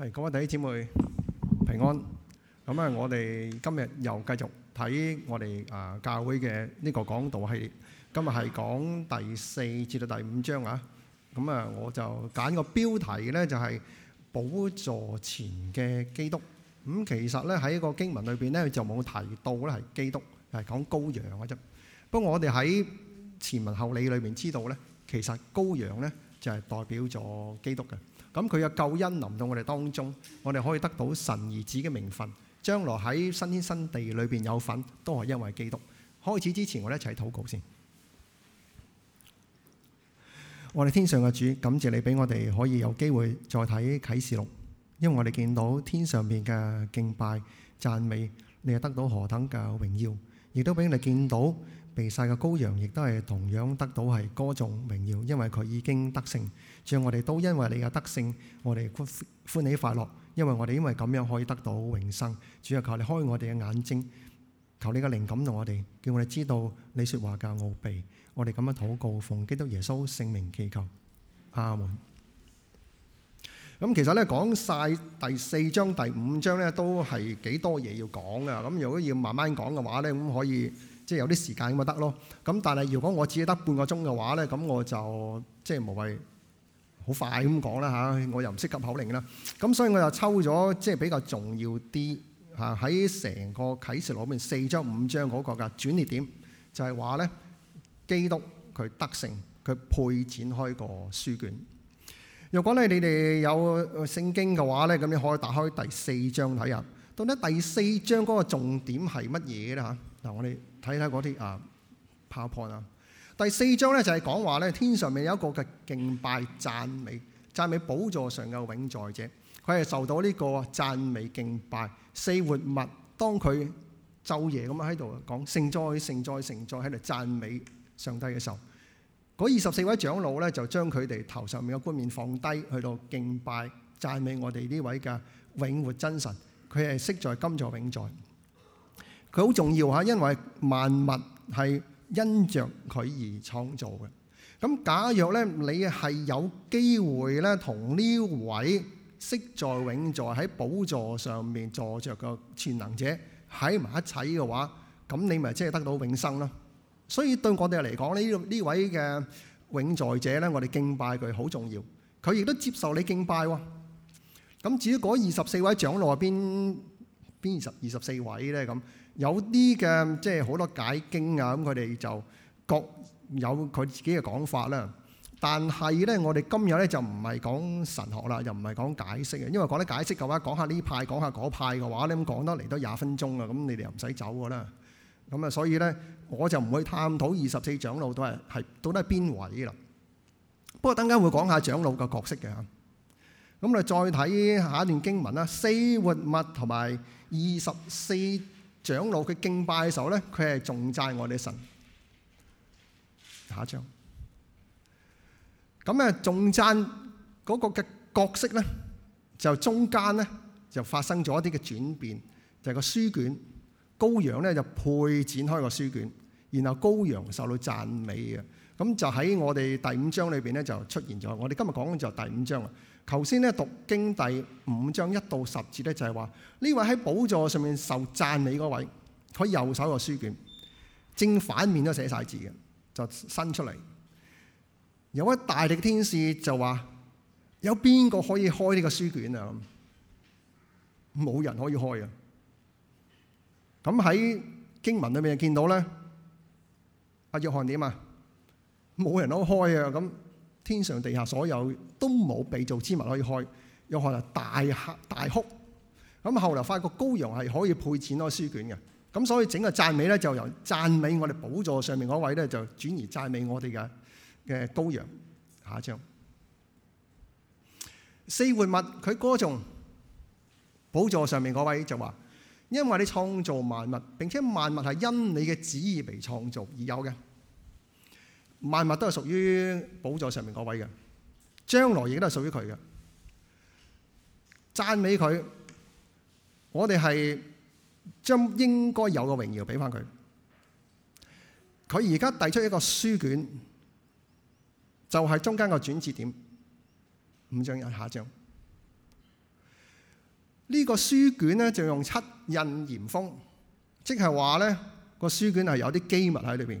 係各位弟兄姊妹平安。咁啊，我哋今日又繼續睇我哋啊教會嘅呢個講道系列。今日係講第四至到第五章啊。咁啊，我就揀個標題咧，就係寶座前嘅基督。咁其實咧，喺個經文裏邊咧就冇提到咧係基督，係講羔羊嘅啫。不過我哋喺前文後理裏面知道咧，其實羔羊咧就係代表咗基督嘅。咁佢嘅救恩臨到我哋當中，我哋可以得到神兒子嘅名分，將來喺新天新地裏邊有份，都係因為基督。開始之前，我哋一齊禱告先。我哋天上嘅主，感謝你俾我哋可以有機會再睇啟示錄，因為我哋見到天上邊嘅敬拜讚美，你係得到何等嘅榮耀，亦都俾你見到被殺嘅羔羊，亦都係同樣得到係歌頌榮耀，因為佢已經得勝。主，我哋都因為你嘅德性，我哋歡歡喜快樂，因為我哋因為咁樣可以得到永生。主啊，求你開我哋嘅眼睛，求你嘅靈感同我哋，叫我哋知道你説話嘅奧秘。我哋咁樣禱告，奉基督耶穌聖名祈求，阿門。咁其實咧，講晒第四章、第五章咧，都係幾多嘢要講㗎。咁如果要慢慢講嘅話咧，咁可以即係有啲時間咪得咯。咁但係如果我只係得半個鐘嘅話咧，咁我就即係無謂。好快咁講啦嚇，我又唔識及口令啦，咁所以我又抽咗即係比較重要啲嚇，喺成個啟示錄入面四章五章嗰個嘅轉捩點，就係話咧基督佢得勝，佢配展開個書卷。若果咧你哋有聖經嘅話咧，咁你可以打開第四章睇下。到底第四章嗰個重點係乜嘢咧嚇？嗱，我哋睇睇嗰啲啊 PowerPoint 啊。第四章咧就係講話咧，天上面有一個嘅敬拜讚美、讚美寶座上嘅永在者，佢係受到呢個讚美敬拜。四活物當佢晝夜咁樣喺度講聖哉、聖哉、聖哉，喺度讚美上帝嘅時候，嗰二十四位長老咧就將佢哋頭上面嘅冠冕放低，去到敬拜讚美我哋呢位嘅永活真神。佢係昔在、今在、永在，佢好重要嚇，因為萬物係。因著佢而創造嘅，咁假若咧你係有機會咧同呢位昔在永在喺寶座上面坐著嘅全能者喺埋一齊嘅話，咁你咪即係得到永生咯。所以對我哋嚟講，呢呢位嘅永在者咧，我哋敬拜佢好重要。佢亦都接受你敬拜喎。咁至於嗰二十四位長老邊邊二十二十四位咧咁。有啲嘅即係好多解經啊，咁佢哋就各有佢自己嘅講法啦。但係咧，我哋今日咧就唔係講神學啦，又唔係講解釋嘅。因為講得解釋嘅話，講下呢派，講下嗰派嘅話咧，你咁講得嚟都廿分鐘啊。咁你哋又唔使走㗎啦。咁啊，所以咧，我就唔去探討二十四長老都係到底係邊位啦。不過等陣會講下長老嘅角色嘅嚇。咁我哋再睇下一段經文啦。四活物同埋二十四長老佢敬拜嘅時候咧，佢係頌讚我哋神。下一章，咁啊頌讚嗰個嘅角色咧，就中間咧就發生咗一啲嘅轉變，就係個書卷羔羊咧就配展開個書卷，然後羔羊受到讚美嘅，咁就喺我哋第五章裏邊咧就出現咗，我哋今日講就第五章啦。頭先咧讀經第五章一到十節咧，就係話呢位喺寶座上面受讚美嗰位，佢右手個書卷，正反面都寫晒字嘅，就伸出嚟。有一位大力天使就話：有邊個可以開呢個書卷啊？冇人可以開啊！咁喺經文裏面見到咧，阿約翰點啊？冇人可以開啊！咁。天上地下所有都冇被造之物可以開，有可能大喊大哭。咁後嚟發覺羔羊係可以配展開書卷嘅，咁所以整個讚美咧就由讚美我哋寶座上面嗰位咧就轉移讚美我哋嘅嘅羔羊。下一章，四活物佢歌頌寶座上面嗰位就話：因為你創造萬物，並且萬物係因你嘅旨意被創造而有嘅。萬物都係屬於寶座上面嗰位嘅，將來亦都係屬於佢嘅。讚美佢，我哋係將應該有嘅榮耀俾翻佢。佢而家遞出一個書卷，就係、是、中間個轉折點，五章入下章。呢、這個書卷咧就用七印嚴封，即係話咧個書卷係有啲機密喺裏邊。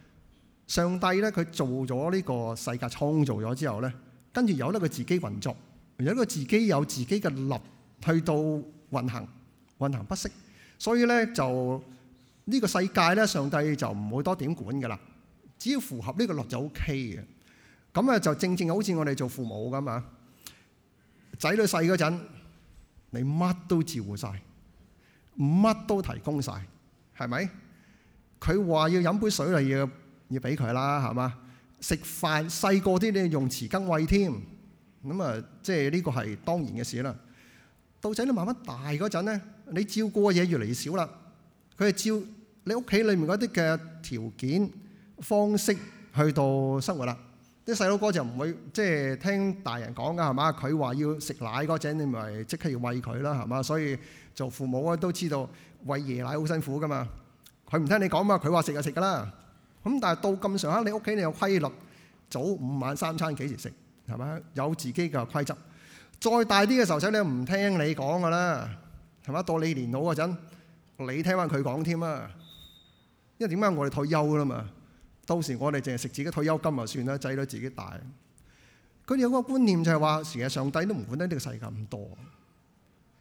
上帝咧，佢做咗呢個世界創造咗之後咧，跟住有得佢自己運作，有咧佢自己有自己嘅律去到運行運行不息，所以咧就呢、呢個世界咧，上帝就唔會多點管噶啦。只要符合呢個律就 O K 嘅咁啊，就正正好似我哋做父母咁啊，仔女細嗰陣你乜都照顧晒，乜都提供晒，係咪？佢話要飲杯水嚟。要。要俾佢啦，係嘛？食飯，細個啲你要用匙羹餵添，咁啊，即係呢個係當然嘅事啦。到仔你慢慢大嗰陣咧，你照顧嘅嘢越嚟越少啦。佢係照你屋企裡面嗰啲嘅條件方式去到生活啦。啲細佬哥就唔會即係聽大人講噶，係嘛？佢話要食奶嗰陣，你咪即刻要餵佢啦，係嘛？所以做父母啊都知道餵夜奶好辛苦噶嘛。佢唔聽你講嘛，佢話食就食噶啦。咁但係到咁上下，你屋企你有規律，早午晚三餐幾時食，係嘛？有自己嘅規則。再大啲嘅時候仔又唔聽你講噶啦，係咪？到你年老嗰陣，你聽翻佢講添啊。因為點解？我哋退休啦嘛？到時我哋淨係食自己退休金就算啦，仔女自己大。佢哋有個觀念就係話，其實上帝都唔管得呢個世界咁多。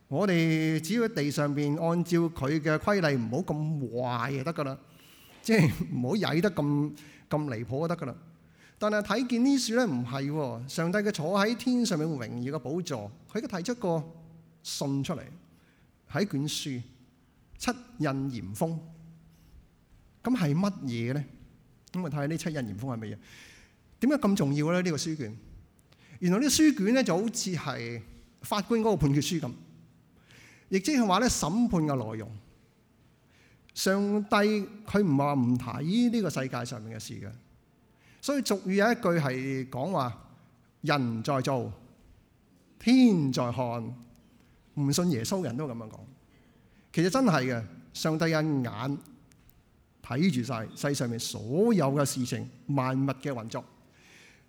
我哋只要地上面按照佢嘅規例，唔好咁壞就得噶啦。即係唔好曳得咁咁離譜就得噶啦，但係睇見呢書呢事咧唔係喎，上帝佢坐喺天上面榮耀嘅寶座，佢嘅提出個信出嚟，喺卷書七印嚴封，咁係乜嘢咧？咁我睇下呢七印嚴封係乜嘢？點解咁重要咧？呢、呢個書卷原來呢書卷咧就好似係法官嗰個判決書咁，亦即係話咧審判嘅內容。上帝佢唔話唔睇呢個世界上面嘅事嘅，所以俗語有一句係講話，人在做，天在看。唔信耶穌人都咁樣講，其實真係嘅，上帝一眼睇住晒世上面所有嘅事情，萬物嘅運作。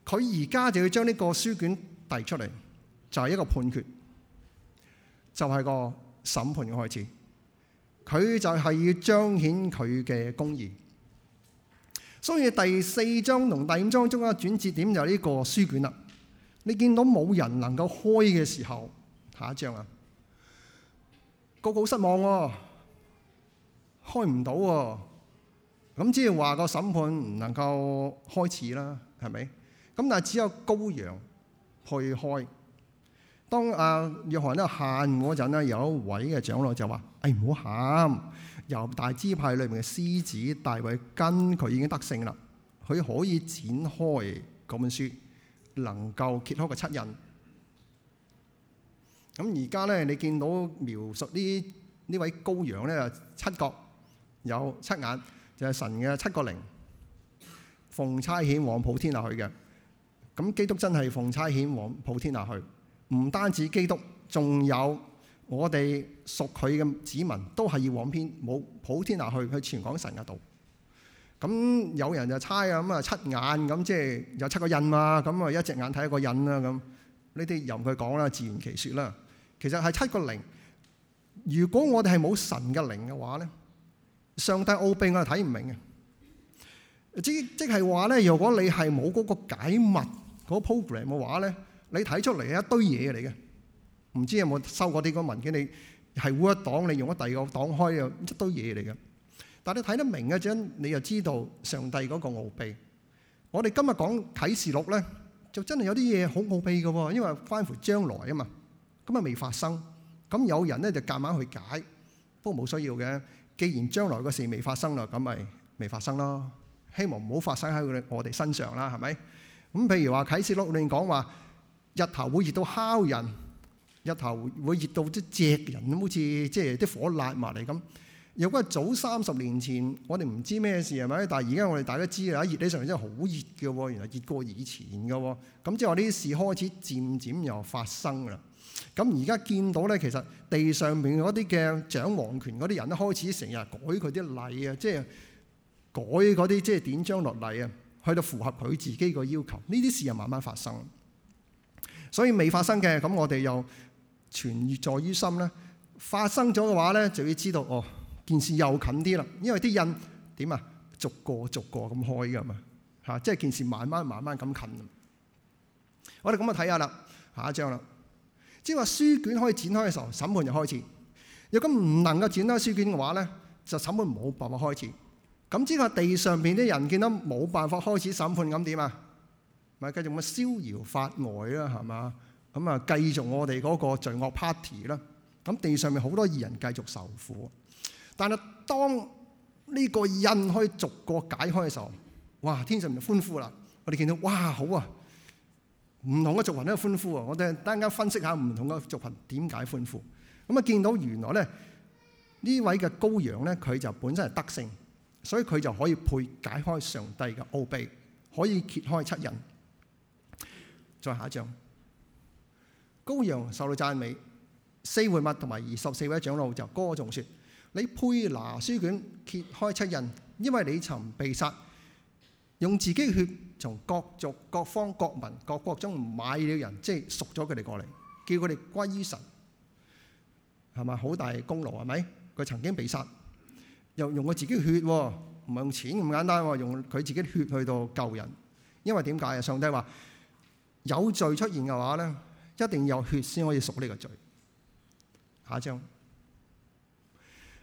佢而家就要將呢個書卷遞出嚟，就係一個判決，就係個審判嘅開始。佢就係要彰顯佢嘅公義，所以第四章同第五章中嘅轉折點就係呢個書卷啦。你見到冇人能夠開嘅時候，下一章啊，個個失望喎，開唔到喎。咁即係話個審判唔能夠開始啦，係咪？咁但係只有羔羊去開。當阿約翰咧喊嗰陣咧，有一位嘅長老就話，哎，唔好喊！猶大支派裏面嘅獅子大衛根，佢已經得勝啦，佢可以展開嗰本書，能夠揭開個七印。咁而家咧，你見到描述呢呢位羔羊咧，有七角有七眼，就係、是、神嘅七角靈，奉差遣往普天下去嘅。咁基督真係奉差遣往普天下去。唔單止基督，仲有我哋屬佢嘅子民，都係要往篇冇普天下去去傳講神嘅道。咁有人就猜啊，咁啊七眼，咁即係有七個印嘛，咁啊一隻眼睇一個印啦。咁呢啲由佢講啦，自圓其説啦。其實係七個靈。如果我哋係冇神嘅靈嘅話咧，上帝奧秘我係睇唔明嘅。即即係話咧，如果你係冇嗰個解密嗰、嗰個、program 嘅話咧。你睇出嚟係一堆嘢嚟嘅，唔知有冇收過啲個文件？你係 Word 檔，你用咗第二個檔開啊，一堆嘢嚟嘅。但係你睇得明嘅，真你又知道上帝嗰個奧秘。我哋今日講啟示錄咧，就真係有啲嘢好奧秘嘅，因為關乎將來啊嘛。咁啊未發生，咁有人咧就夾硬去解，不過冇需要嘅。既然將來個事未發生啦，咁咪未發生咯。希望唔好發生喺我哋身上啦，係咪？咁譬如話啟示錄，你講話。日頭會熱到烤人，日頭會熱到啲灼人咁，好似即係啲火辣埋嚟咁。如果係早三十年前，我哋唔知咩事係咪？但係而家我哋大家知啦，熱起上嚟真係好熱嘅，原來熱過以前嘅。咁即係話呢啲事開始漸漸又發生啦。咁而家見到咧，其實地上面嗰啲嘅掌王權嗰啲人，都開始成日改佢啲例啊，即係改嗰啲即係典章落例啊，去到符合佢自己個要求。呢啲事又慢慢發生。所以未發生嘅，咁我哋又存於在於心咧。發生咗嘅話咧，就要知道哦，件事又近啲啦。因為啲印點啊，逐個逐個咁開㗎嘛，嚇，即係件事慢慢慢慢咁近。我哋咁就睇下啦，下一章啦。即係話書卷可以展開嘅時候，審判就開始。如果唔能夠展開書卷嘅話咧，就審判冇辦法開始。咁即係地上邊啲人見到冇辦法開始審判，咁點啊？咪繼續咁逍遙法外啦，係嘛咁啊？繼續我哋嗰個罪惡 party 啦。咁地上面好多義人繼續受苦，但係當呢個印可以逐個解開嘅時候，哇！天上咪歡呼啦。我哋見到哇，好啊！唔同嘅族群都歡呼啊。我哋等陣分析下唔同嘅族群點解歡呼。咁啊，見到原來咧呢位嘅羔羊咧，佢就本身係德性，所以佢就可以配解開上帝嘅奧秘，可以揭開七印。再下一張，羔羊受到讚美。四活物同埋二十四位長老就歌頌說：你配拿書卷揭開七印，因為你曾被殺，用自己血從各族、各方、各民、各國中買了人，即係贖咗佢哋過嚟，叫佢哋歸神，係咪好大功勞係咪？佢曾經被殺，又用佢自己血，唔係用錢咁簡單，用佢自己血去到救人。因為點解啊？上帝話。有罪出現嘅話咧，一定要有血先可以贖呢個罪。下一章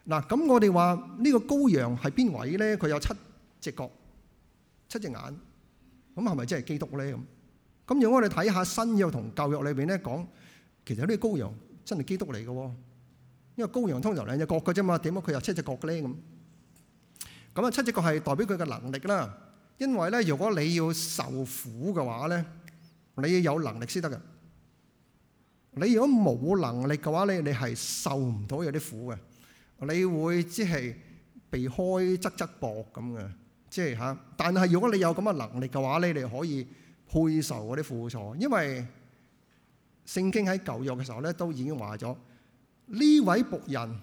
嗱，咁我哋話呢個羔羊係邊位咧？佢有七隻角、七隻眼，咁係咪真係基督咧？咁咁，如果我哋睇下新約同舊約裏邊咧講，其實呢個羔羊真係基督嚟嘅，因為羔羊通常兩隻角嘅啫嘛，點解佢有七隻角嘅咧？咁咁啊，七隻角係代表佢嘅能力啦。因為咧，如果你要受苦嘅話咧，你要有能力先得㗎。你如果冇能力嘅話咧，你係受唔到有啲苦嘅。你會即係避開側側膊咁嘅，即係吓。但係如果你有咁嘅能力嘅話咧，你可以配受嗰啲苦楚。因為聖經喺舊約嘅時候咧都已經話咗，呢位僕人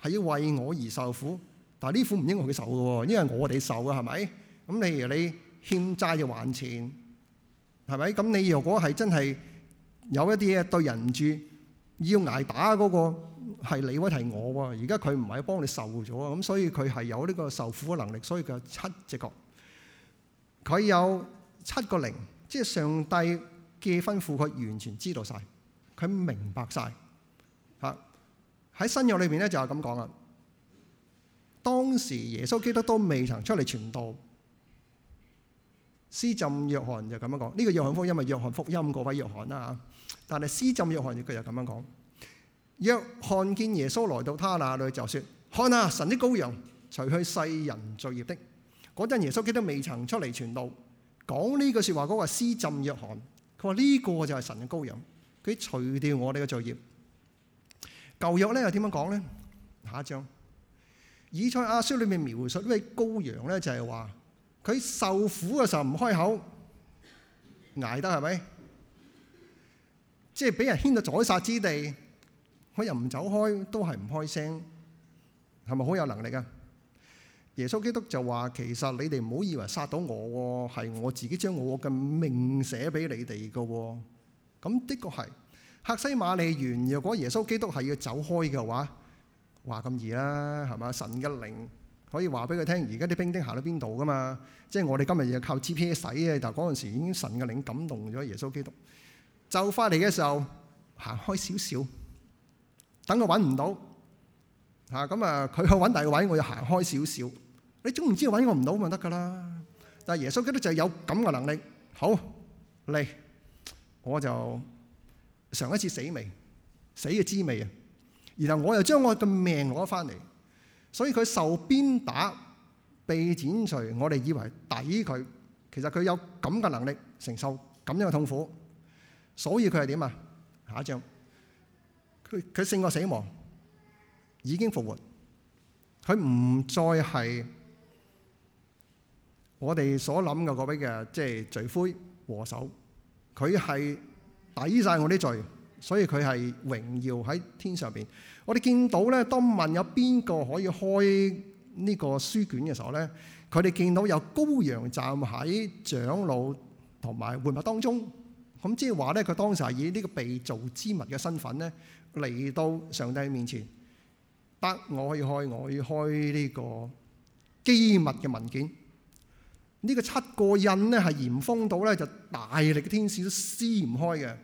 係要為我而受苦，但係呢苦唔應該佢受㗎，因為我哋受啊，係咪？咁譬如你欠債要還錢。係咪？咁你如果係真係有一啲嘢對人唔住，要挨打嗰個係你喎，係我喎。而家佢唔係幫你受咗啊，咁所以佢係有呢個受苦嘅能力，所以佢有七隻角，佢有七個靈，即係上帝嘅吩咐，佢完全知道晒，佢明白晒。喺新約裏面咧就係咁講啦。當時耶穌基督都未曾出嚟傳道。施浸約翰就咁樣講，呢、這個約翰福音係約翰福音嗰位約翰啦吓。但係施浸約翰佢又咁樣講，約翰見耶穌來到他那裡，就說：看啊，神的羔羊，除去世人罪孽的。嗰陣耶穌基督未曾出嚟傳道，講呢句說話嗰、那個施浸約翰，佢話呢個就係神嘅羔羊，佢除掉我哋嘅罪孽。舊約咧又點樣講咧？下一章，以賽亞書裏面描述呢位羔羊咧就係話。佢受苦嘅時候唔開口，捱得係咪？即係俾人牽到宰殺之地，佢又唔走開，都係唔開聲，係咪好有能力啊？耶穌基督就話：其實你哋唔好以為殺到我係我自己將我嘅命寫俾你哋嘅。咁的確係。赫西馬利園，如果耶穌基督係要走開嘅話，話咁易啦，係咪？神一靈。可以話俾佢聽，而家啲兵丁行到邊度噶嘛？即係我哋今日亦靠 GPS 洗嘅，但係嗰陣時已經神嘅靈感動咗耶穌基督。就翻嚟嘅時候，行開少少，等佢揾唔到。嚇咁啊，佢、嗯、去揾第二個位，我就行開少少。你總唔知揾我唔到咪得噶啦？但係耶穌基督就有咁嘅能力。好嚟，我就嘗一次死未？死嘅滋味啊！然後我又將我嘅命攞翻嚟。所以佢受鞭打、被剪除，我哋以為抵佢，其實佢有咁嘅能力承受咁樣嘅痛苦，所以佢係點啊？下一章，佢佢勝過死亡，已經復活，佢唔再係我哋所諗嘅嗰位嘅即係罪魁禍首，佢係抵曬我啲罪，所以佢係榮耀喺天上邊。我哋見到咧，當問有邊個可以開呢個書卷嘅時候咧，佢哋見到有羔羊站喺長老同埋活物當中，咁即係話咧，佢當時係以呢個被造之物嘅身份咧嚟到上帝面前，得我可以開，我要開呢個機密嘅文件。呢、呢個七個印咧係嚴封到咧，就大力的天使都撕唔開嘅。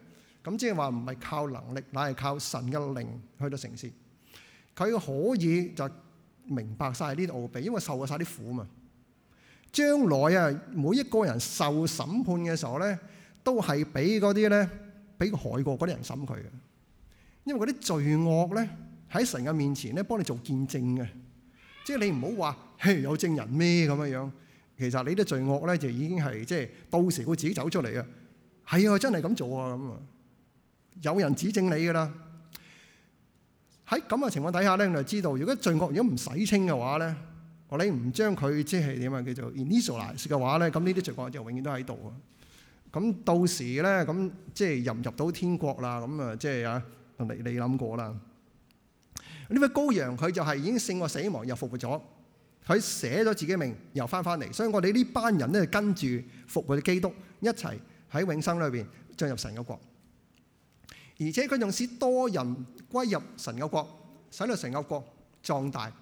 咁即係話，唔係靠能力，乃係靠神嘅靈去到成事。佢可以就明白晒呢啲奧秘，因為受過晒啲苦嘛。將來啊，每一個人受審判嘅時候咧，都係俾嗰啲咧，俾害過嗰啲人審佢嘅。因為嗰啲罪惡咧喺神嘅面前咧，幫你做見證嘅。即係你唔好話嘿有證人咩咁嘅樣。其實你啲罪惡咧就已經係即係到時會自己走出嚟啊！係啊，真係咁做啊咁啊！有人指正你噶啦，喺咁嘅情況底下咧，你就知道如果罪惡如果唔洗清嘅話咧，你唔將佢即係點啊叫做 initialize 嘅話咧，咁呢啲罪惡就永遠都喺度啊！咁到時咧，咁即係入唔入到天國啦？咁啊，即係啊，同你你諗過啦？呢位羔羊佢就係已經勝過死亡，又復活咗，佢寫咗自己命又翻返嚟，所以我哋呢班人咧跟住復活嘅基督一齊喺永生裏邊進入神嘅國。而且佢仲使多人歸入神嘅國，使到神嘅國壯大。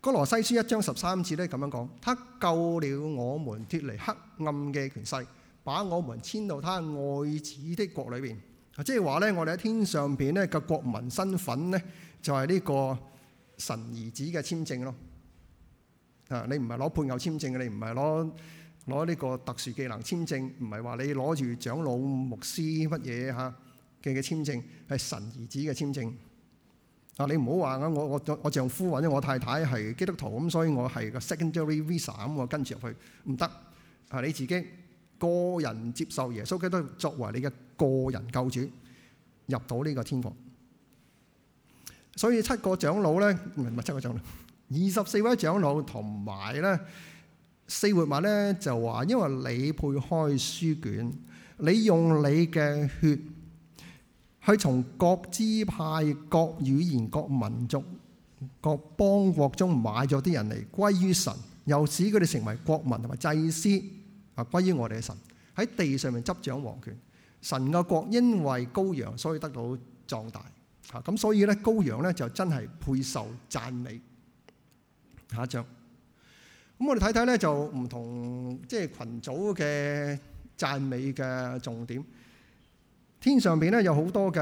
哥羅西書一章十三節咧咁樣講：他救了我們，脫離黑暗嘅權勢，把我們遷到他愛子的國裏邊。即係話咧，我哋喺天上邊咧嘅國民身份咧，就係呢個神兒子嘅簽證咯。啊，你唔係攞配偶簽證嘅，你唔係攞攞呢個特殊技能簽證，唔係話你攞住長老牧師乜嘢嚇。嘅嘅簽證係神兒子嘅簽證啊！你唔好話啊，我我我丈夫或者我太太係基督徒咁，所以我係個 secondary visa 咁，我跟住入去唔得啊！你自己個人接受耶穌基督作為你嘅個人救主，入到呢個天國。所以七個長老咧，唔係七個長老，二十四位長老同埋咧四活物咧就話，因為你配開書卷，你用你嘅血。佢從各支派、各語言、各民族、各邦國中買咗啲人嚟，歸於神，又使佢哋成為國民同埋祭司啊，歸於我哋嘅神喺地上面執掌王權。神嘅國因為羔羊，所以得到壯大啊！咁所以咧，羔羊咧就真係配受讚美。下一章，咁我哋睇睇咧就唔同即係群組嘅讚美嘅重點。天上邊咧有好多嘅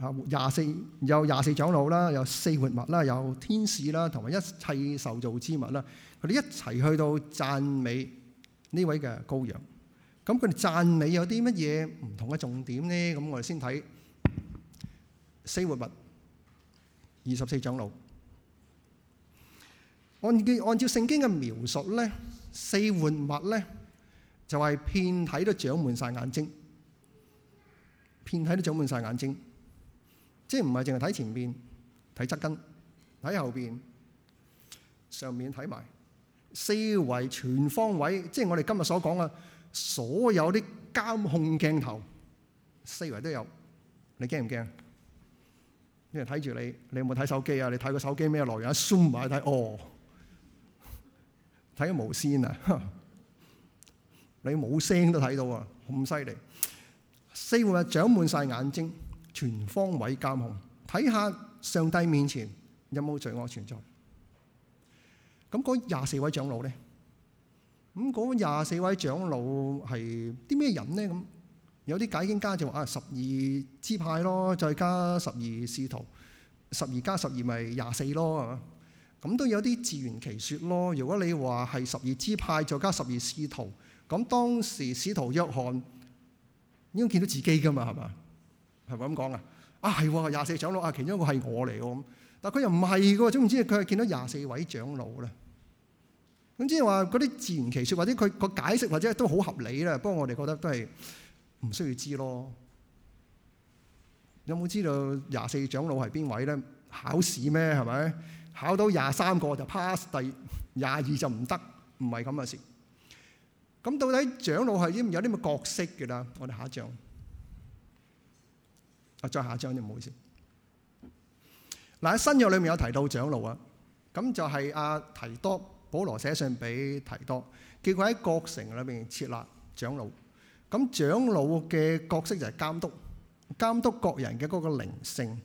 嚇，廿四有廿四長老啦，有四活物啦，有天使啦，同埋一切受造之物啦，佢哋一齊去到讚美呢位嘅羔羊。咁佢哋讚美有啲乜嘢唔同嘅重點咧？咁我哋先睇四活物、二十四長老。按照按照聖經嘅描述咧，四活物咧就係遍體都長滿晒眼睛。遍體都長滿曬眼睛，即係唔係淨係睇前面、睇側跟、睇後邊、上面睇埋四圍全方位，即係我哋今日所講嘅所有啲監控鏡頭，四圍都有。你驚唔驚？啲人睇住你，你有冇睇手機啊？你睇個手機咩來源？Zoom 埋睇哦，睇緊無線啊！你冇聲都睇到啊，咁犀利！四位長滿晒眼睛，全方位監控，睇下上帝面前有冇罪惡存在。咁嗰廿四位長老咧，咁嗰廿四位長老係啲咩人咧？咁有啲解經家就話啊，十二支派咯，再加十二使徒，十二加十二咪廿四咯。咁都有啲自圓其説咯。如果你話係十二支派再加十二使徒，咁當時使徒約翰。應該見到自己噶嘛，係嘛？係咪咁講啊？啊係，廿四長老啊，其中一個係我嚟喎咁，但係佢又唔係喎，總知，總之佢係見到廿四位長老咧。總之話嗰啲自然其説，或者佢個解釋或者都好合理啦。不過我哋覺得都係唔需要知咯。有冇知道廿四長老係邊位咧？考試咩，係咪？考到廿三個就 pass，第廿二就唔得，唔係咁嘅事。咁到底長老係啲有啲咩角色嘅啦？我哋下一章，啊再下一章就唔好意思。嗱喺新約裏面有提到長老啊，咁就係阿提多，保羅寫信俾提多，叫佢喺各城裏面設立長老。咁長老嘅角色就係監督，監督各人嘅嗰個靈性，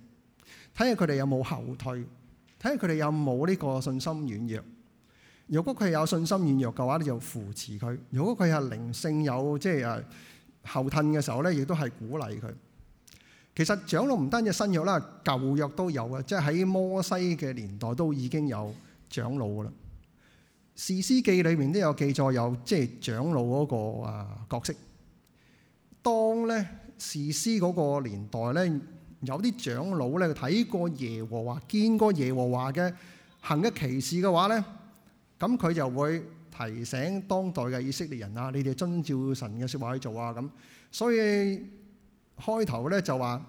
睇下佢哋有冇後退，睇下佢哋有冇呢個信心軟弱。如果佢有信心軟弱嘅話，你就扶持佢；如果佢係靈性有即係誒後褪嘅時候咧，亦都係鼓勵佢。其實長老唔單止新約啦，舊約都有啊，即係喺摩西嘅年代都已經有長老噶啦。士師記裏面都有記載有即係、就是、長老嗰個啊角色。當咧士師嗰個年代咧，有啲長老咧睇過耶和華，見過耶和華嘅行嘅奇事嘅話咧。咁佢就會提醒當代嘅以色列人啊，你哋遵照神嘅説話去做啊咁。所以開頭咧就話，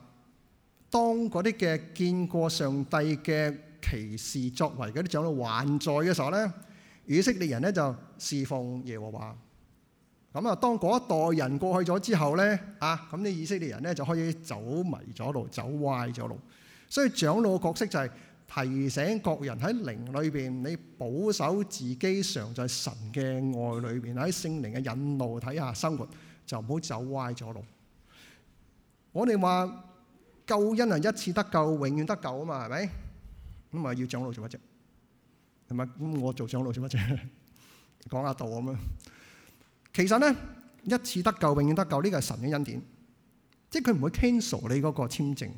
當嗰啲嘅見過上帝嘅奇事作為嗰啲長老還在嘅時候咧，以色列人咧就侍奉耶和華。咁啊，當嗰一代人過去咗之後咧，啊咁啲以色列人咧就可以走迷咗路，走歪咗路。所以長老嘅角色就係。提醒各人喺靈裏邊，你保守自己，常在神嘅愛裏邊，喺聖靈嘅引路睇下生活，就唔好走歪咗路。我哋話救恩係一次得救，永遠得救啊嘛，係咪咁啊？要長老做乜啫？係咪咁？我做長老做乜啫？講下道咁啊？其實咧，一次得救，永遠得救呢個係神嘅恩典，即係佢唔會 cancel 你嗰個簽證，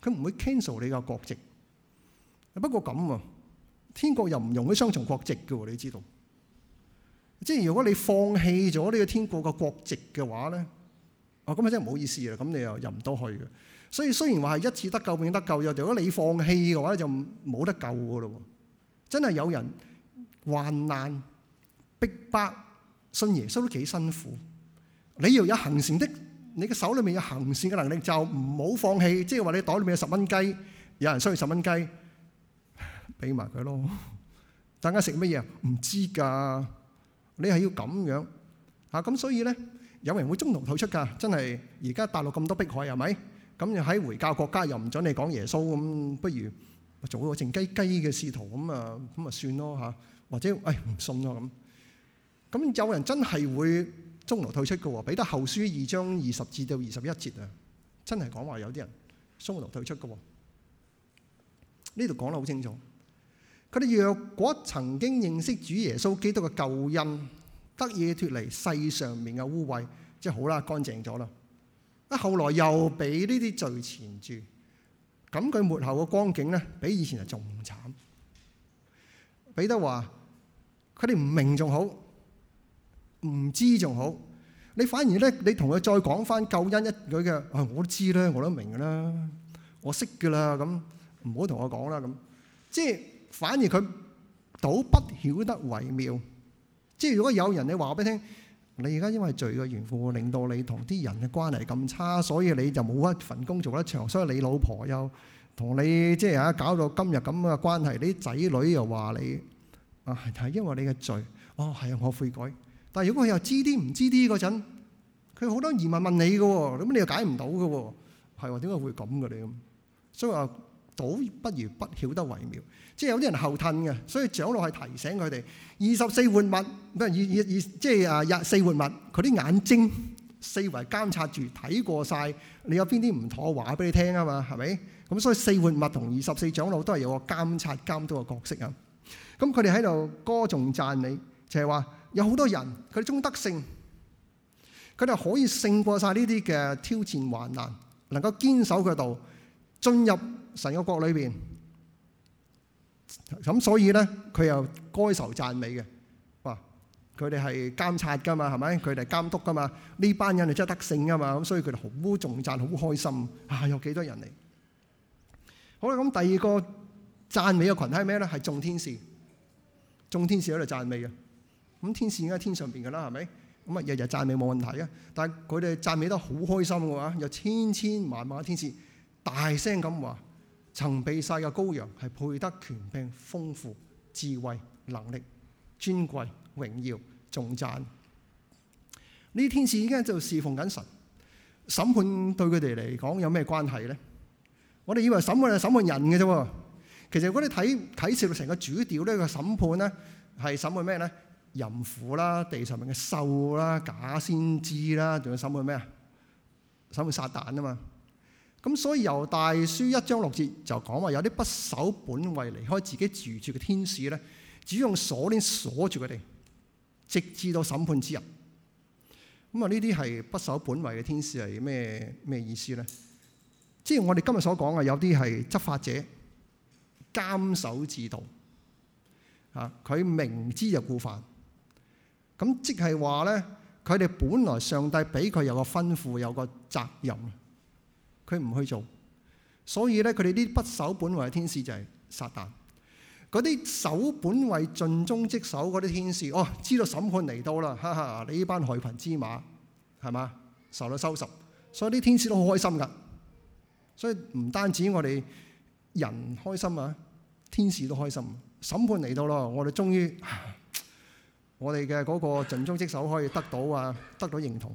佢唔會 cancel 你個國籍。不過咁啊，天國又唔容許雙重國籍嘅，你知道。即係如果你放棄咗呢個天國嘅國籍嘅話咧，啊咁啊真係唔好意思啦，咁你又入唔到去嘅。所以雖然話係一次得救變得救，又如果你放棄嘅話咧，就冇得救噶咯。真係有人患難逼迫信耶穌都幾辛苦。你要有行善的，你嘅手裏面有行善嘅能力，就唔好放棄。即係話你袋裏面有十蚊雞，有人需要十蚊雞。俾埋佢咯，大家食乜嘢啊？唔知噶，你係要咁樣啊？咁所以咧，有人會中途退出噶，真係而家大陸咁多迫害係咪？咁又喺回教國家又唔准你講耶穌咁，不如做個靜雞雞嘅仕途咁啊咁啊算咯吓，或者誒唔信咯咁。咁有人真係會中途退出噶，彼得後書二章二十至到二十一節啊，真係講話有啲人中途退出噶。呢度講得好清楚。佢哋若果曾經認識主耶穌基督嘅救恩，得以脫離世上面嘅污穢，即係好啦，乾淨咗啦。啊後來又俾呢啲罪纏住，咁佢末後嘅光景咧，比以前係仲慘。彼得話，佢哋唔明仲好，唔知仲好。你反而咧，你同佢再講翻救恩一句嘅，啊、哎，我都知啦，我都明噶啦，我識噶啦，咁唔好同我講啦，咁即係。反而佢倒不曉得為妙，即係如果有人你話俾你聽，你而家因為罪嘅緣故，令到你同啲人嘅關係咁差，所以你就冇一份工做得長，所以你老婆又同你即係啊搞到今日咁嘅關係，你啲仔女又話你啊係因為你嘅罪，哦係啊我悔改，但係如果佢又知啲唔知啲嗰陣，佢好多疑問問你嘅，咁你又解唔到嘅，係喎點解會咁嘅咧？所以話。倒不如不曉得為妙，即係有啲人後退嘅，所以長老係提醒佢哋。二十四活物，唔係二二二，即係啊，四活物，佢啲眼睛四圍監察住，睇過曬你有邊啲唔妥，話俾你聽啊嘛，係咪？咁所以四活物同二十四長老都係有個監察監督嘅角色啊。咁佢哋喺度歌頌讚你，就係話有好多人佢哋中得勝，佢哋可以勝過曬呢啲嘅挑戰患難，能夠堅守佢道。進入神嘅國裏邊，咁所以咧佢又該受讚美嘅。哇，佢哋係監察噶嘛，係咪？佢哋係監督噶嘛？呢班人係真係得勝噶嘛？咁所以佢哋好重讚，好開心啊！有幾多人嚟？好啦，咁第二個讚美嘅群體係咩咧？係眾天使，眾天使喺度讚美嘅。咁天使應該喺天上邊噶啦，係咪？咁啊日日讚美冇問題啊。但係佢哋讚美得好開心嘅話，有千千萬萬嘅天使。大聲咁話，曾被殺嘅羔羊係配得權柄、豐富、智慧、能力、尊貴、榮耀、頌讚。呢啲天使已經就侍奉緊神，審判對佢哋嚟講有咩關係咧？我哋以為審判係審判人嘅啫，其實如果你睇睇啟示錄成個主調呢，呢個審判咧係審判咩咧？淫婦啦，地上面嘅獸啦，假先知啦，仲要審判咩啊？審判撒旦啊嘛！咁所以由大書一章六節就講話有啲不守本位離開自己住處嘅天使咧，只用鎖鏈鎖住佢哋，直至到審判之日。咁啊呢啲係不守本位嘅天使係咩咩意思咧？即係我哋今日所講嘅，有啲係執法者、監守自盜啊，佢明知就故犯。咁即係話咧，佢哋本來上帝俾佢有個吩咐，有個責任。佢唔去做，所以咧，佢哋呢啲不守本位嘅天使就係撒旦。嗰啲守本位、盡忠職守嗰啲天使，哦，知道審判嚟到啦，哈哈！你呢班害群之馬，係嘛，受到收拾。所以啲天使都好開心噶。所以唔單止我哋人開心啊，天使都開心。審判嚟到啦，我哋終於，我哋嘅嗰個盡忠職守可以得到啊，得到認同。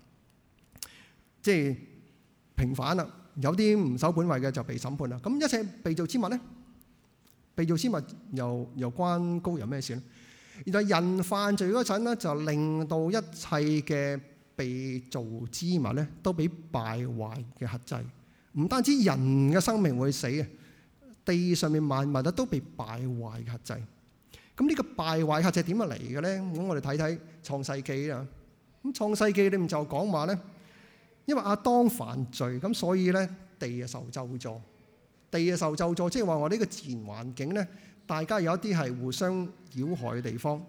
即係平反啦，有啲唔守本位嘅就被審判啦。咁一切被造之物咧，被造之物又又關高人咩事咧？原來人犯罪嗰陣咧，就令到一切嘅被造之物咧都俾敗壞嘅克制，唔單止人嘅生命會死啊，地上面萬物咧都被敗壞嘅克制。咁呢個敗壞克制點樣嚟嘅咧？咁我哋睇睇創世記啊。咁創世記你唔就講話咧？因為阿當犯罪，咁所以咧地啊受咒詛，地啊受咒詛，即係話我呢個自然環境咧，大家有一啲係互相擾害嘅地方。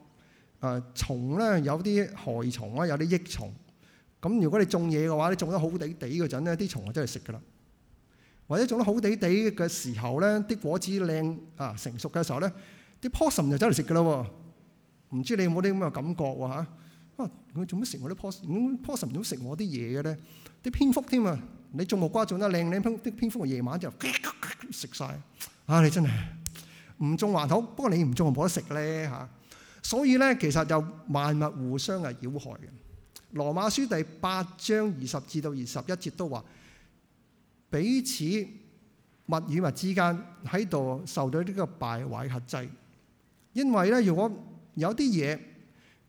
誒蟲咧有啲害蟲啊，有啲益蟲。咁如果你種嘢嘅話，你種得好地地嗰陣咧，啲蟲啊真係食㗎啦。或者種得好地地嘅時候咧，啲果子靚啊成熟嘅時候咧，啲 possum 就走嚟食㗎啦。唔知你有冇啲咁嘅感覺喎嚇？哇、啊！我做乜食我啲樖？咁樖神都食我啲嘢嘅咧？啲蝙蝠添啊！你種木瓜種得靚靚，啲蝙蝠夜晚就食晒，啊！你真係唔種還好，不過你唔種又冇得食咧嚇。所以咧，其實就萬物互相係擾害嘅。羅馬書第八章二十至到二十一節都話，彼此物與物之間喺度受到呢個敗壞轄制。因為咧，如果有啲嘢。.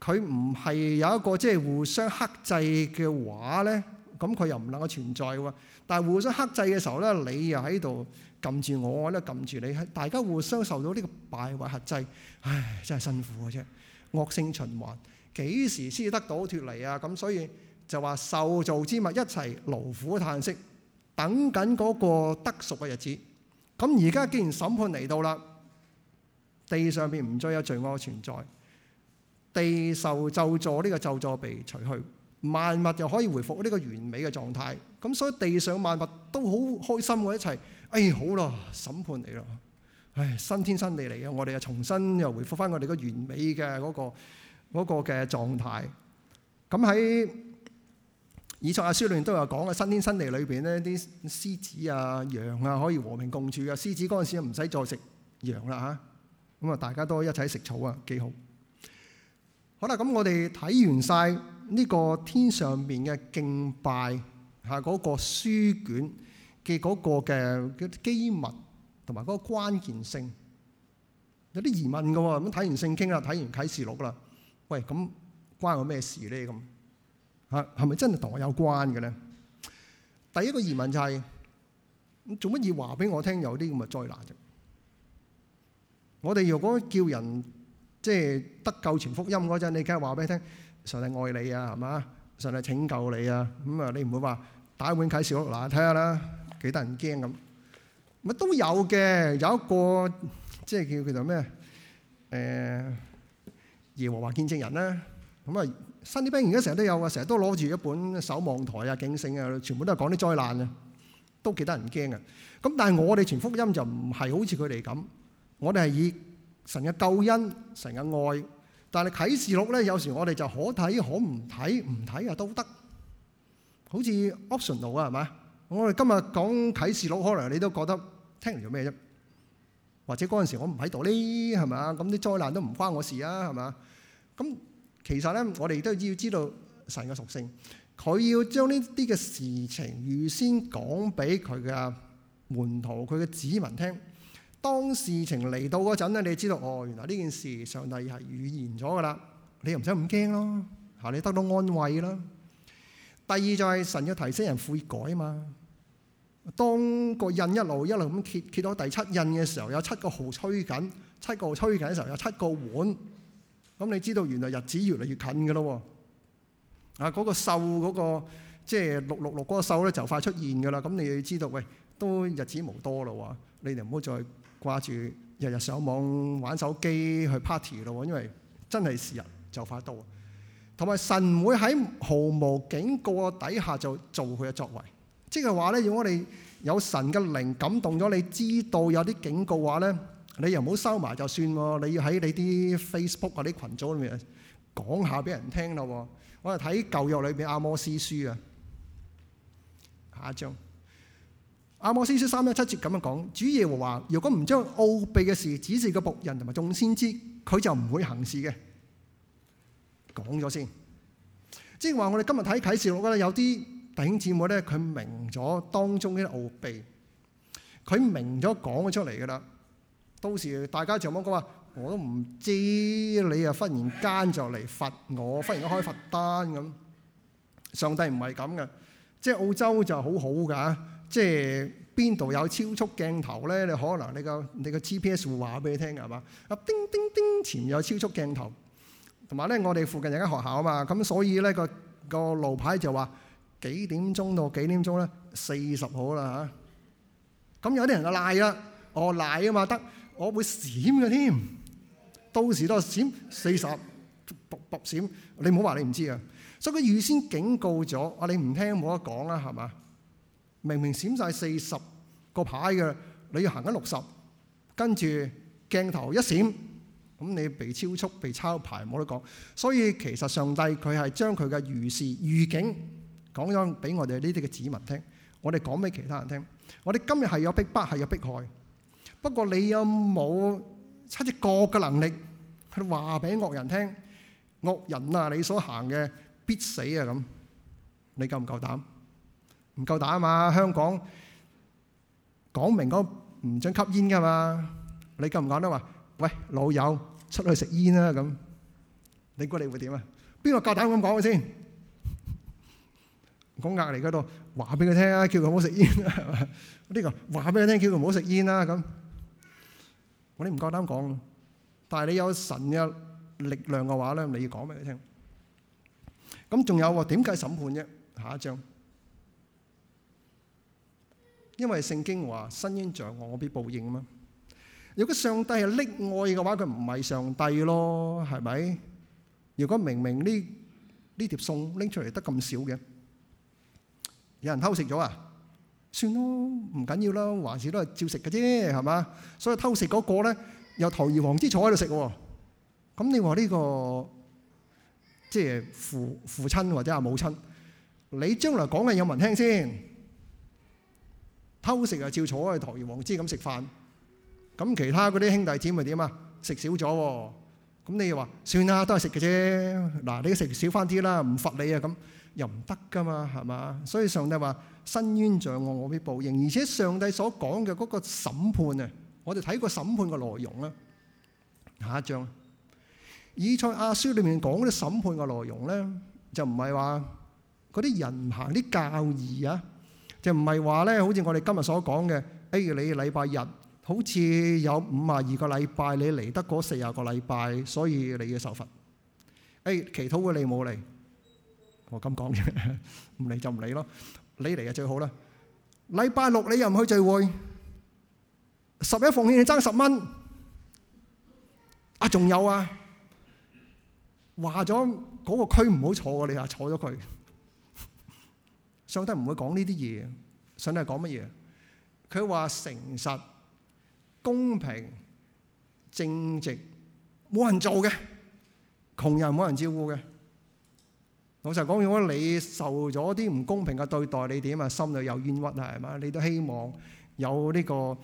佢唔係有一個即係互相克制嘅話咧，咁佢又唔能夠存在喎。但係互相克制嘅時候咧，你又喺度撳住我咧，撳住你，大家互相受到呢個敗壞克制，唉，真係辛苦嘅啫，惡性循環，幾時先得到脱離啊？咁所以就話受造之物一齊勞苦嘆息，等緊嗰個得贖嘅日子。咁而家既然審判嚟到啦，地上邊唔再有罪惡嘅存在。地受咒詛，呢、呢個咒詛被除去，萬物又可以回復呢個完美嘅狀態。咁所以地上萬物都好開心喎，一齊。哎，好啦，審判嚟啦，唉，新天新地嚟嘅，我哋又重新又回復返我哋嘅完美嘅嗰、嗰個嘅狀態。咁、那、喺、個《以賽亞書裏面》裏都有講嘅新天新地裏邊呢啲獅子啊、羊啊可以和平共處嘅。獅子嗰陣時唔使再食羊啦吓，咁啊大家都一齊食草啊，幾好。好啦，咁我哋睇完晒呢個天上邊嘅敬拜，吓嗰個書卷嘅嗰個嘅嘅機密，同埋嗰個關鍵性，有啲疑問噶。咁睇完聖經啦，睇完啟示錄啦，喂，咁關我咩事咧？咁吓係咪真係同我有關嘅咧？第一個疑問就係，咁做乜要話俾我聽有啲咁嘅災難啫？我哋若果叫人。即係得救全福音嗰陣，你梗係話俾你聽，上帝愛你啊，係嘛？上帝拯救你啊，咁啊，你唔會話打碗啟示咯。嗱，睇下啦，幾得人驚咁。咁都有嘅，有一個即係叫叫做咩？誒，耶和華見證人咧，咁啊，新兵而家成日都有啊，成日都攞住一本守望台啊、警醒啊，全部都係講啲災難嘅，都幾得人驚嘅。咁但係我哋全福音就唔係好似佢哋咁，我哋係以。神嘅救恩，神嘅愛，但係啟示錄咧，有時我哋就可睇可唔睇，唔睇又都得。好似 optional 啊，係嘛？我哋今日講啟示錄，可能你都覺得聽嚟做咩啫？或者嗰陣時我唔喺度，呢係嘛？咁啲災難都唔關我事啊，係嘛？咁其實咧，我哋都要知道神嘅屬性，佢要將呢啲嘅事情預先講俾佢嘅門徒、佢嘅子民聽。當事情嚟到嗰陣咧，你知道哦，原來呢件事上帝係預言咗噶啦，你唔使咁驚咯嚇，你得到安慰啦。第二就係神要提醒人悔改啊嘛。當個印一路一路咁揭揭到第七印嘅時候，有七個號吹緊，七個號吹緊嘅時候有七個碗，咁你知道原來日子越嚟越近噶咯喎。啊、那個那個，嗰個獸嗰個即係六六六嗰個獸咧就快出現噶啦，咁你要知道喂，都日子冇多啦喎，你哋唔好再～掛住日日上網玩手機去 party，咯，因為真係時日就快到。同埋神會喺毫無警告底下就做佢嘅作為，即係話咧，如果你有神嘅靈感動咗，你知道有啲警告話咧，你又唔好收埋就算，你要喺你啲 Facebook 嗰啲群組裏面講下俾人聽咯。我哋睇舊約裏邊阿摩司書啊，下一張。阿摩斯書三一七節咁樣講，主耶和華如果唔將奧秘嘅事指示個僕人同埋眾先知，佢就唔會行事嘅。講咗先，即係話我哋今日睇啟示錄咧，有啲弟兄姊妹咧，佢明咗當中嘅奧秘，佢明咗講咗出嚟噶啦。到時大家就咁講話，我都唔知你又忽然間就嚟罰我，忽然間開罰單咁。上帝唔係咁嘅，即係澳洲就好好噶。即係邊度有超速鏡頭咧？你可能你個你個 GPS 會話俾你聽嘅係嘛？啊叮叮叮，前有超速鏡頭，同埋咧我哋附近有間學校啊嘛，咁所以咧個個路牌就話幾點鐘到幾點鐘咧四十，好啦嚇。咁有啲人就賴啦，我賴啊嘛得，我會閃嘅添。到時都係閃四十，卜卜閃。你唔好話你唔知啊。所以佢預先警告咗，啊你唔聽冇得講啦，係嘛？明明閃晒四十個牌嘅，你要行緊六十，跟住鏡頭一閃，咁你被超速、被抄牌，冇得講。所以其實上帝佢係將佢嘅如是預警講咗俾我哋呢啲嘅子民聽，我哋講俾其他人聽。我哋今日係有逼迫係有迫害，不過你有冇七隻角嘅能力去話俾惡人聽？惡人啊，你所行嘅必死啊咁，你夠唔夠膽？唔夠膽啊嘛！香港講明講唔准吸煙噶嘛？你夠唔夠膽話？喂，老友，出去食煙啦咁。你估你會點啊？邊個夠膽咁講先？講硬嚟嗰度，話俾佢聽啊，叫佢唔好食煙。呢個話俾佢聽，叫佢唔好食煙啦咁。我哋唔夠膽講，但係你有神嘅力量嘅話咧，你要講俾佢聽。咁仲有啊？點解審判啫？下一章。因為聖經話：伸冤在我，我必報應嘛。如果上帝係溺愛嘅話，佢唔係上帝咯，係咪？如果明明呢呢碟餸拎出嚟得咁少嘅，有人偷食咗啊？算咯，唔緊要啦，還是都係照食嘅啫，係嘛？所以偷食嗰、那個咧，又堂而皇之坐喺度食喎。咁你話呢、這個即係父父親或者係母親，你將來講嘅有冇人聽先？偷食啊，照坐啊，堂而皇之咁食飯。咁其他嗰啲兄弟姊妹點啊？食少咗喎。咁你又話算啦，都係食嘅啫。嗱，你食少翻啲啦，唔罰你啊，咁又唔得噶嘛，係嘛？所以上帝話，伸冤障惡，我必報應。而且上帝所講嘅嗰個審判啊，我哋睇過審判嘅內容啦。下一章啊，以賽亞書裡面講嗰啲審判嘅內容咧，就唔係話嗰啲人唔行啲教義啊。就唔係話咧，好似我哋今日所講嘅，譬如，你禮拜日好似有五啊二個禮拜，你嚟得嗰四啊個禮拜，所以你要受罰。誒，祈禱會你冇嚟，我咁講嘅，唔嚟就唔嚟咯，你嚟就最好啦。禮拜六你又唔去聚會，十一奉獻你爭十蚊，啊仲有啊，話咗嗰個區唔好坐嘅，你啊坐咗佢。上帝唔會講呢啲嘢，上帝講乜嘢？佢話誠實、公平、正直，冇人做嘅，窮人冇人照顧嘅。老實講，如果你受咗啲唔公平嘅對待，你點啊？心裏有冤屈啊，係嘛？你都希望有呢個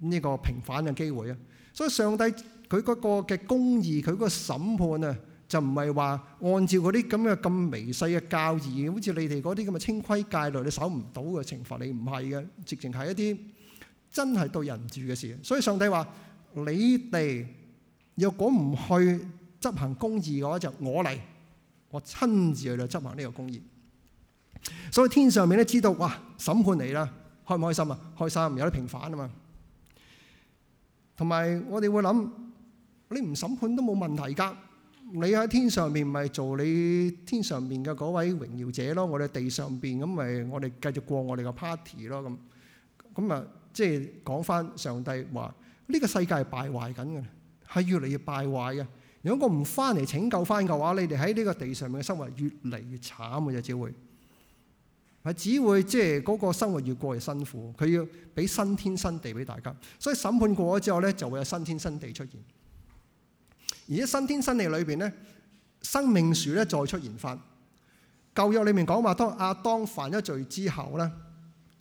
呢個平反嘅機會啊！所以上帝佢嗰個嘅公義，佢個審判啊！就唔係話按照嗰啲咁嘅咁微細嘅教義，好似你哋嗰啲咁嘅清規戒律，你守唔到嘅懲罰你唔係嘅，直情係一啲真係對人唔住嘅事。所以上帝話：你哋若果唔去執行公義嘅話，就我嚟，我親自去執行呢個公義。所以天上面咧知道，哇！審判你啦，開唔開心啊？開心，有啲平反啊嘛。同埋我哋會諗，你唔審判都冇問題㗎。你喺天上面咪做你天上面嘅嗰位榮耀者咯，我哋地上邊咁咪我哋繼續過我哋個 party 咯咁。咁啊，即係講翻上帝話呢個世界係敗壞緊嘅，係越嚟越敗壞嘅。如果我唔翻嚟拯救翻嘅話，你哋喺呢個地上面嘅生活越嚟越慘嘅，只會係只會即係嗰個生活越過越辛苦。佢要俾新天新地俾大家，所以審判過咗之後咧，就會有新天新地出現。而喺新天新地裏邊咧，生命樹咧再出現返。舊約裏面講話，當亞當犯咗罪之後咧，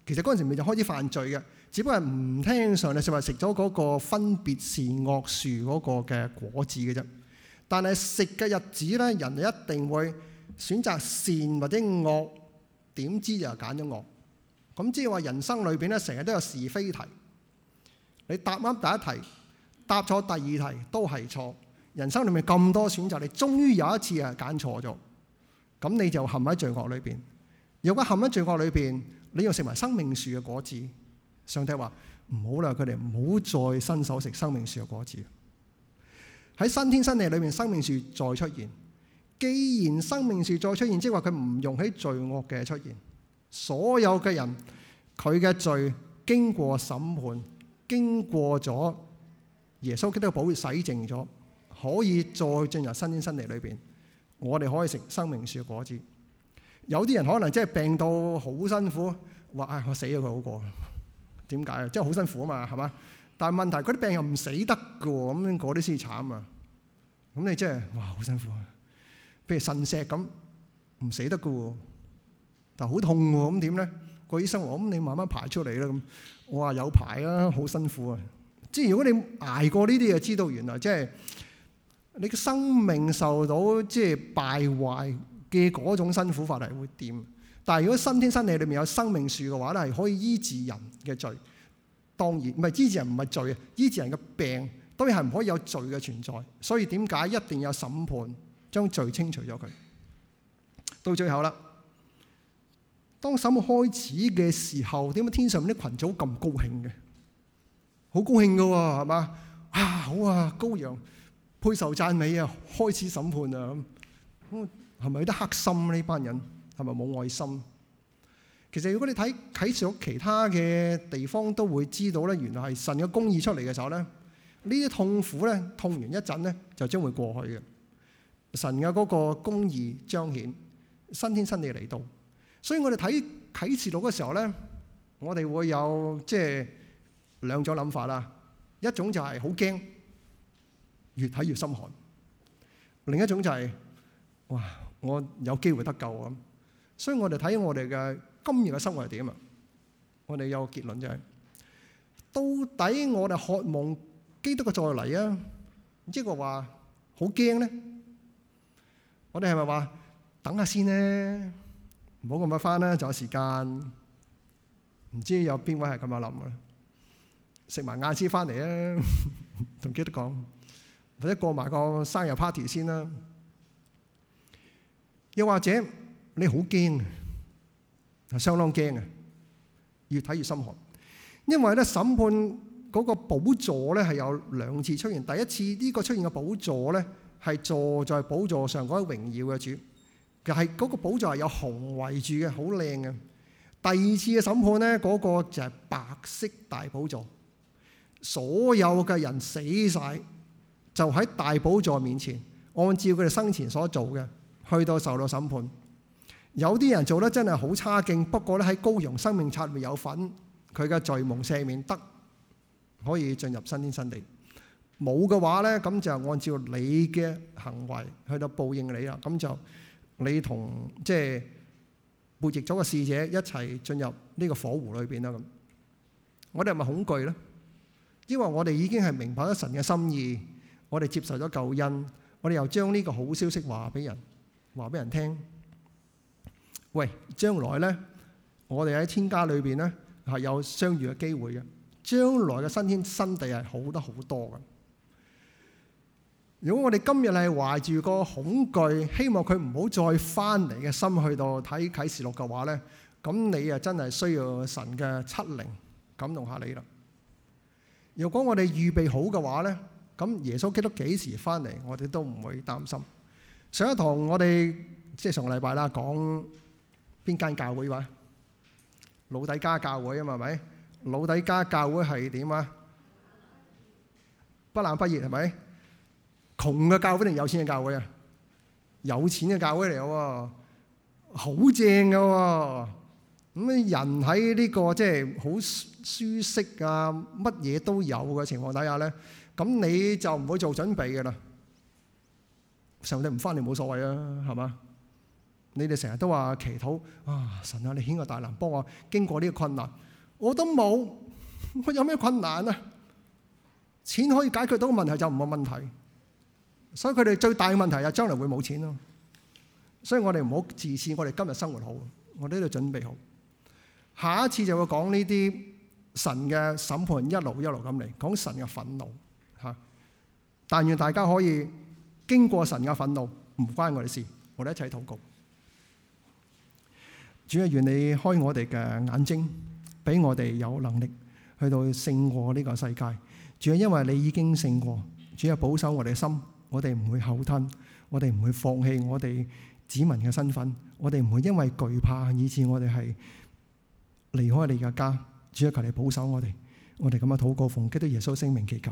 其實嗰陣時未就開始犯罪嘅，只不過係唔聽上帝，就話食咗嗰個分別善惡樹嗰個嘅果子嘅啫。但係食嘅日子咧，人就一定會選擇善或者惡，點知就係揀咗惡。咁即係話人生裏邊咧，成日都有是非題，你答啱第一題，答錯第二題都係錯。人生裏面咁多選擇，你終於有一次啊揀錯咗，咁你就陷喺罪惡裏邊。如果陷喺罪惡裏邊，你又食埋生命樹嘅果子，上帝話唔好啦，佢哋唔好再伸手食生命樹嘅果子。喺新天新地裏面，生命樹再出現。既然生命樹再出現，即係話佢唔容許罪惡嘅出現。所有嘅人佢嘅罪經過審判，經過咗耶穌基督嘅寶血洗淨咗，可以再進入新天新地裏邊，我哋可以食生命樹果子。有啲人可能真係病到好辛苦，話：哎，我死咗佢好過。點解啊？即係好辛苦啊嘛，係嘛？但係問題佢啲病又唔死得嘅喎，咁嗰啲先慘啊！咁你即係哇，好辛苦啊！譬如腎石咁，唔死得嘅喎，但係好痛喎，咁點咧？個醫生話：咁你慢慢排出嚟啦。咁我話有排啦，好辛苦啊！即係如果你捱過呢啲嘢，知道原來即係。你嘅生命受到即係敗壞嘅嗰種辛苦法例會點？但係如果新天新地裏面有生命樹嘅話咧，係可以醫治人嘅罪。當然唔係醫治人唔係罪啊，醫治人嘅病當然係唔可以有罪嘅存在。所以點解一定有審判將罪清除咗佢？到最後啦，當審判開始嘅時候，點解天上面啲群組咁高興嘅？好高興噶喎，係嘛？啊，好啊，羔羊，配受讚美啊！開始審判啊咁，咁係咪有啲黑心呢班人？係咪冇愛心？其實如果你睇啟示錄其他嘅地方，都會知道咧，原來係神嘅公義出嚟嘅時候咧，呢啲痛苦咧，痛完一陣咧，就將會過去嘅。神嘅嗰個公義彰顯，新天新地嚟到，所以我哋睇啟示錄嘅時候咧，我哋會有即係、就是、兩種諗法啦。一種就係好驚。越睇越心寒。另一種就係哇，我有機會得救咁，所以我哋睇我哋嘅今日嘅生活係點啊？我哋有個結論就係到底我哋渴望基督嘅再嚟啊？唔知個話好驚咧？我哋係咪話等下先咧？唔好咁快翻啦，仲有時間。唔知有邊位係咁樣諗啊？食埋晏先翻嚟啊，同基督講。或者過埋個生日 party 先啦，又或者你好驚啊，相當驚啊，越睇越心寒。因為咧，審判嗰個寶座咧係有兩次出現。第一次呢個出現嘅寶座咧係坐在寶座上嗰個榮耀嘅主，但係嗰個寶座係有紅圍住嘅，好靚嘅。第二次嘅審判咧，嗰個就係白色大寶座，所有嘅人死晒。就喺大寶座面前，按照佢哋生前所做嘅，去到受到審判。有啲人做得真係好差勁，不過咧喺羔羊生命冊入面有份，佢嘅罪蒙赦免得，可以進入新天新地。冇嘅話咧，咁就按照你嘅行為去到報應你啦。咁就你同即係背逆咗嘅使者一齊進入呢個火湖裏邊啦。咁我哋係咪恐懼咧？因為我哋已經係明白咗神嘅心意。我哋接受咗救恩，我哋又將呢個好消息話俾人，話俾人聽。喂，將來咧，我哋喺天家裏邊咧係有相遇嘅機會嘅。將來嘅新天新地係好得好多㗎。如果我哋今日係懷住個恐懼，希望佢唔好再翻嚟嘅心去到睇啟示錄嘅話咧，咁你啊真係需要神嘅七靈感動下你啦。如果我哋預備好嘅話咧，咁耶穌基督幾時翻嚟，我哋都唔會擔心。上一堂我哋即係上個禮拜啦，講邊間教會話？老底嘉教會啊嘛，係咪？老底嘉教會係點啊？不冷不熱係咪？窮嘅教會定有錢嘅教會啊？有錢嘅教會嚟喎，好正嘅喎。咁人喺呢個即係好舒適啊，乜嘢都有嘅情況底下咧。咁你就唔會做準備嘅啦。上帝唔翻嚟冇所謂啊，係嘛？你哋成日都話祈禱，啊神啊，你顯個大能幫我經過呢個困難。我都冇，我有咩困難啊？錢可以解決到問題就唔係問題。所以佢哋最大嘅問題係將來會冇錢咯。所以我哋唔好自視我哋今日生活好，我哋呢度準備好。下一次就會講呢啲神嘅審判一路一路咁嚟，講神嘅憤怒。但願大家可以經過神嘅憤怒，唔關我哋事，我哋一齊禱告。主要願你開我哋嘅眼睛，俾我哋有能力去到勝過呢個世界。主要因為你已經勝過，主要保守我哋嘅心，我哋唔會後吞，我哋唔會放棄我哋子民嘅身份，我哋唔會因為懼怕以致我哋係離開你嘅家。主要求你保守我哋，我哋咁樣禱告，奉基督耶穌聖名祈求。